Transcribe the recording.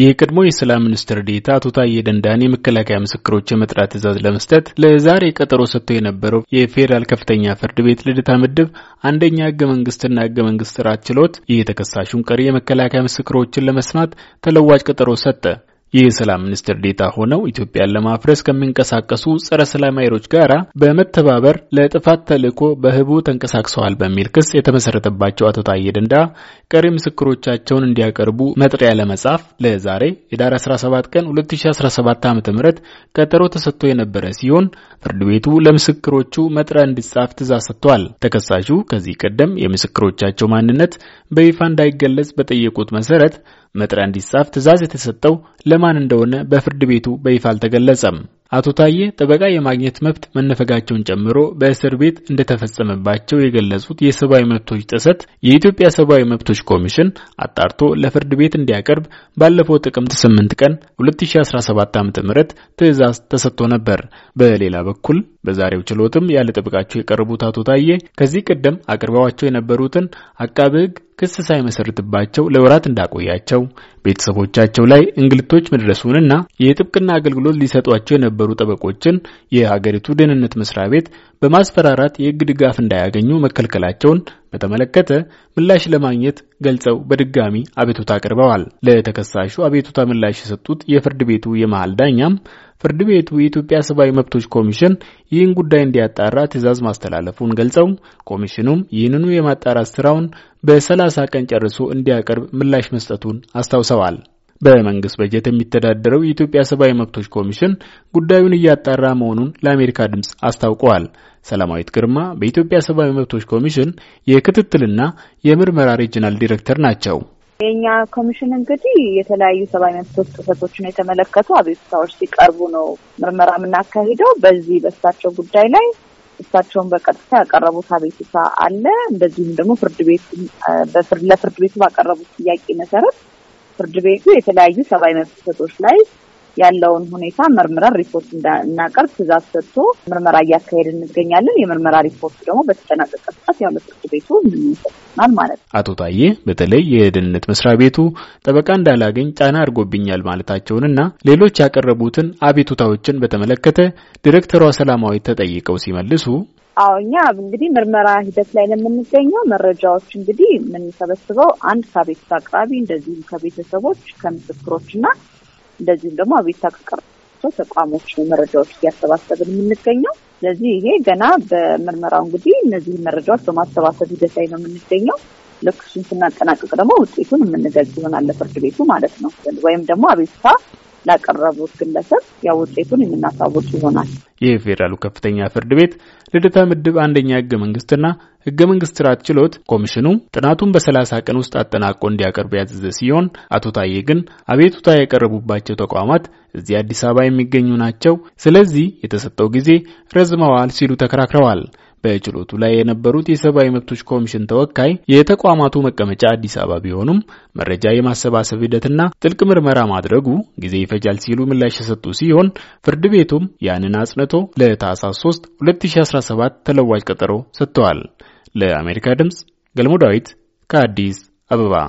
የቀድሞ የሰላም ሚኒስትር ዴታ አቶ ታዬ ደንዳን የመከላከያ ምስክሮች የመጥራት ትዕዛዝ ለመስጠት ለዛሬ ቀጠሮ ሰጥቶ የነበረው የፌዴራል ከፍተኛ ፍርድ ቤት ልደታ ምድብ አንደኛ ህገ መንግስትና ህገ መንግስት ስርዓት ችሎት የተከሳሹን ቀሪ የመከላከያ ምስክሮችን ለመስማት ተለዋጭ ቀጠሮ ሰጠ። የሰላም ሚኒስትር ዴታ ሆነው ኢትዮጵያን ለማፍረስ ከሚንቀሳቀሱ ጸረ ሰላም ኃይሎች ጋራ በመተባበር ለጥፋት ተልዕኮ በህቡ ተንቀሳቅሰዋል በሚል ክስ የተመሰረተባቸው አቶ ታዬ ደንዳ ቀሪ ምስክሮቻቸውን እንዲያቀርቡ መጥሪያ ለመጻፍ ለዛሬ የዳር 17 ቀን 2017 ዓ.ም ቀጠሮ ተሰጥቶ የነበረ ሲሆን ፍርድ ቤቱ ለምስክሮቹ መጥሪያ እንዲጻፍ ትእዛዝ ሰጥቷል። ተከሳሹ ከዚህ ቀደም የምስክሮቻቸው ማንነት በይፋ እንዳይገለጽ በጠየቁት መሰረት መጥሪያ እንዲጻፍ ትዕዛዝ የተሰጠው ለማን እንደሆነ በፍርድ ቤቱ በይፋ አልተገለጸም። አቶ ታዬ ጠበቃ የማግኘት መብት መነፈጋቸውን ጨምሮ በእስር ቤት እንደተፈጸመባቸው የገለጹት የሰብአዊ መብቶች ጥሰት የኢትዮጵያ ሰብአዊ መብቶች ኮሚሽን አጣርቶ ለፍርድ ቤት እንዲያቀርብ ባለፈው ጥቅምት 8 ቀን 2017 ዓ.ም ትዕዛዝ ተሰጥቶ ነበር። በሌላ በኩል በዛሬው ችሎትም ያለ ጠበቃቸው የቀረቡት አቶ ታዬ ከዚህ ቀደም አቅርበዋቸው የነበሩትን አቃቤ ሕግ ክስ ሳይመሰርትባቸው ለወራት እንዳቆያቸው ቤተሰቦቻቸው ላይ እንግልቶች መድረሱንና የጥብቅና አገልግሎት ሊሰጧቸው የነበሩ የነበሩ ጠበቆችን የሀገሪቱ ደህንነት መስሪያ ቤት በማስፈራራት የህግ ድጋፍ እንዳያገኙ መከልከላቸውን በተመለከተ ምላሽ ለማግኘት ገልጸው በድጋሚ አቤቱታ አቅርበዋል። ለተከሳሹ አቤቱታ ምላሽ የሰጡት የፍርድ ቤቱ የመሃል ዳኛም ፍርድ ቤቱ የኢትዮጵያ ሰብአዊ መብቶች ኮሚሽን ይህን ጉዳይ እንዲያጣራ ትዕዛዝ ማስተላለፉን ገልጸው ኮሚሽኑም ይህንኑ የማጣራት ስራውን በሰላሳ ቀን ጨርሶ እንዲያቀርብ ምላሽ መስጠቱን አስታውሰዋል። በመንግስት በጀት የሚተዳደረው የኢትዮጵያ ሰብአዊ መብቶች ኮሚሽን ጉዳዩን እያጣራ መሆኑን ለአሜሪካ ድምፅ አስታውቀዋል። ሰላማዊት ግርማ በኢትዮጵያ ሰብአዊ መብቶች ኮሚሽን የክትትልና የምርመራ ሪጅናል ዲሬክተር ናቸው። የእኛ ኮሚሽን እንግዲህ የተለያዩ ሰብአዊ መብቶች ጥሰቶችን የተመለከቱ አቤቱታዎች ሲቀርቡ ነው ምርመራ የምናካሂደው። በዚህ በእሳቸው ጉዳይ ላይ እሳቸውን በቀጥታ ያቀረቡት አቤቱታ አለ። እንደዚሁም ደግሞ ፍርድ ቤት ለፍርድ ቤቱ ባቀረቡት ጥያቄ መሰረት ፍርድ ቤቱ የተለያዩ ሰብአዊ መብት ጥሰቶች ላይ ያለውን ሁኔታ መርምረን ሪፖርት እንዳናቀርብ ትእዛዝ ሰጥቶ ምርመራ እያካሄድ እንገኛለን። የምርመራ ሪፖርት ደግሞ በተጠናቀቀ ሰዓት ያው ለፍርድ ቤቱ ይሰጥናል ማለት ነው። አቶ ታዬ በተለይ የደህንነት መስሪያ ቤቱ ጠበቃ እንዳላገኝ ጫና አድርጎብኛል ማለታቸውንና ሌሎች ያቀረቡትን አቤቱታዎችን በተመለከተ ዲሬክተሯ ሰላማዊ ተጠይቀው ሲመልሱ አዎ እኛ እንግዲህ ምርመራ ሂደት ላይ ነው የምንገኘው። መረጃዎች እንግዲህ የምንሰበስበው አንድ ከቤተሰብ አቅራቢ፣ እንደዚሁም ከቤተሰቦች፣ ከምስክሮች እና እንደዚሁም ደግሞ አቤት አቅራቢዎች ተቋሞች ነው መረጃዎች እያሰባሰብን የምንገኘው። ስለዚህ ይሄ ገና በምርመራው እንግዲህ እነዚህ መረጃዎች በማሰባሰብ ሂደት ላይ ነው የምንገኘው። ልክሱን ስናጠናቀቅ ደግሞ ውጤቱን የምንገልጽ ይሆናል ለፍርድ ቤቱ ማለት ነው ወይም ደግሞ አቤቱታ ላቀረቡት ግለሰብ ያ ውጤቱን የምናሳውቅ ይሆናል። የፌዴራሉ ከፍተኛ ፍርድ ቤት ልደታ ምድብ አንደኛ ህገ መንግስትና ህገ መንግስት ስርዓት ችሎት ኮሚሽኑ ጥናቱን በሰላሳ ቀን ውስጥ አጠናቆ እንዲያቀርብ ያዘዘ ሲሆን አቶ ታዬ ግን አቤቱታ የቀረቡባቸው ተቋማት እዚህ አዲስ አበባ የሚገኙ ናቸው፣ ስለዚህ የተሰጠው ጊዜ ረዝመዋል ሲሉ ተከራክረዋል። በችሎቱ ላይ የነበሩት የሰብአዊ መብቶች ኮሚሽን ተወካይ የተቋማቱ መቀመጫ አዲስ አበባ ቢሆኑም መረጃ የማሰባሰብ ሂደትና ጥልቅ ምርመራ ማድረጉ ጊዜ ይፈጃል ሲሉ ምላሽ የሰጡ ሲሆን ፍርድ ቤቱም ያንን አጽንቶ ለታህሳስ 3 2017 ተለዋጭ ቀጠሮ ሰጥተዋል። ለአሜሪካ ድምጽ ገልሞ ዳዊት ከአዲስ አበባ